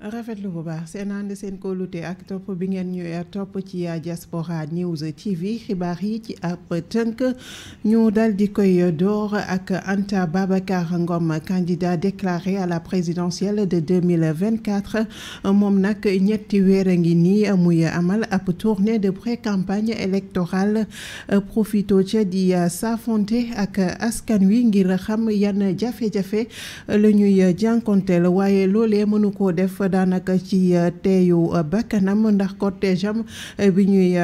Rafet bu baax seen ànd seen kóolute ak topp bi ngeen ñu topp ci diaspora news tv xibaar yi ci ab tënk ñu dal di koy door ak Anta Babacar Ngom candidat déclaré à la présidentielle de 2024 moom nag ñetti weer a ngi nii muy amal ab tournée de pré-campagne électorale profito ca di safonte ak askan wi ngir xam yan jafe-jafe la ñuy jànkonteel waaye loolee mënu koo def ba daanaka ci euh, teeyu euh, bakkanam ndax cortège am euh, bi ñuy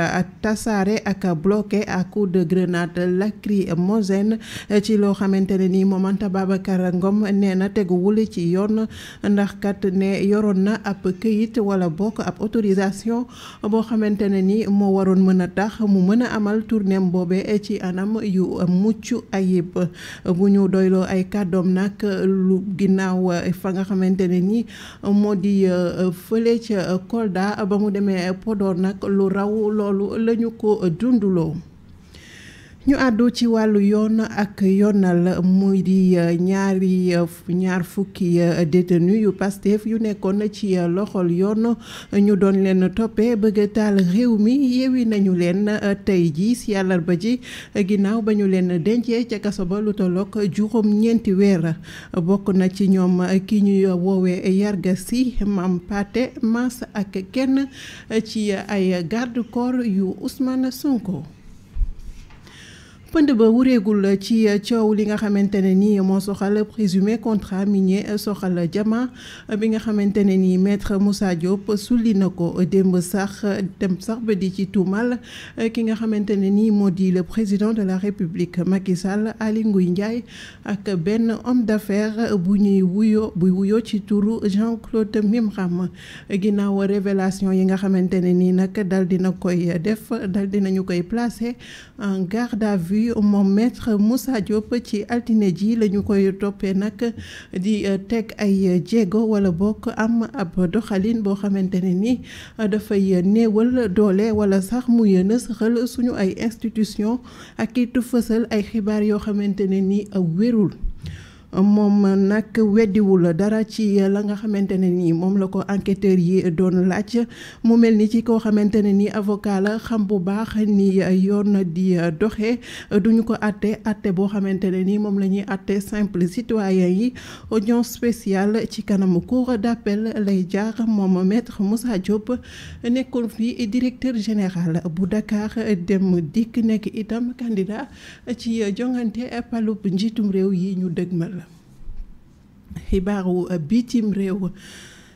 tasaare ak bloqué à coup de grenade lacrymogène ci loo xamante ne nii moom Anta Babacar Ngom nee na teguwul ci yoon ndax kat ne yoroon na ab këyit wala bokk ab autorisation boo xamante ne ni moo waroon mën a tax mu mën a amal tournée boobee ci anam yu mucc ayib bu ñu doyloo ay kàddoom nag lu ginnaaw fa nga xamante ne nii moo di muy euh, fële ca euh, Kolda ba mu demee euh, Podor nag lu raw loolu la ñu ko dunduloo ñu àddu ci wàllu yoon ak yoonal muy di euh, ñaari euh, ñaar fukki euh, détenu yu Pastef yu nekkoon ci loxol yoon ñu doon leen toppee bëgg taal réew mi yeewi nañu leen tey jii si àllarba ji ginnaaw ba ñu leen dencee ca kaso ba lu tolloog juróom ñeenti weer bokk na ci ñoom ki ñuy woowee yarga si maam Pathé Mass ak kenn ci ay garde corps yu Ousmane Sonko. pënd ba wureegul ci coow li nga xamante ne ni moo soxal présumé contrat minier soxal jama bi nga xamante ne ni maître Moussa Diop sulli na ko démb sax dem sax ba di ci tuumal ki nga xamante ni moo le président de la république Macky Sall Aly Ngouille ak benn homme d'affaires bu ñuy wuyo bu wuyo ci turu Jean-Claude Mimram ginnaaw révélation yi nga xamante ne ni nag dal dina koy def dal dinañu koy placer en garde à vue mon maître Moussa Diop ci altiné ji lañu koy topé nak di teg ay jéego wala bok am ab doxaline bo xamante ni da fay néewal doole wala sax muy nësaxal suñu ay institution ak it fësal ay xibar yo xamante ni wérul moom nag weddiwul dara ci la nga xamante ne nii moom la ko enquêteurs yi doon laaj mu mel ni ci koo xamante ne nii avocat la xam bu baax ni yoon di doxe duñu ko àtte àtte boo xamante ne nii moom la ñuy àtte simple citoyen yi audience spéciale ci kanamu cour d'appel lay jaar moom maître Moussa Diop nekkoon fii directeur général bu dakaar Dem Dikk nekk itam candidat ci jongante palub njiitum réew yi ñu la xibaaru bitim réew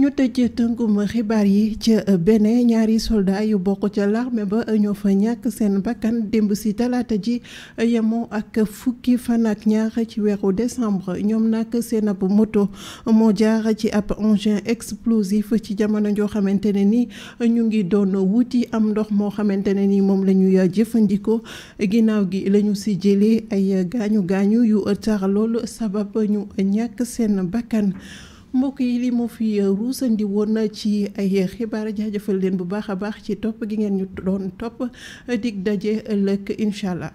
ñu tëj tënkum xibaar yi ca euh, Bénin ñaari soldat yu bokk ca l'armée ba euh, ñoo fa ñàkk seen bakkan démb si talaata ji euh, yemoo ak fukki fan ak ñaar ci weeru décembre ñoom nag seen ab moto moo jaar ci ab engin explosif ci jamono joo xamante ne ni ñu ngi doon wuti am ndox moo xamante ne ni moom la ñuy jëfandikoo ginnaaw gi lañu ñu si jëlee ay gaañu gaañu yu tar loolu sabab ñu ñàkk seen bakkan. mbokk yi lii moo fi euh, ruusandi woon ci ay xibaar jaajëfal leen bu baax a baax ci topp gi ngeen ñu doon topp dig daje ëllëg incha allah.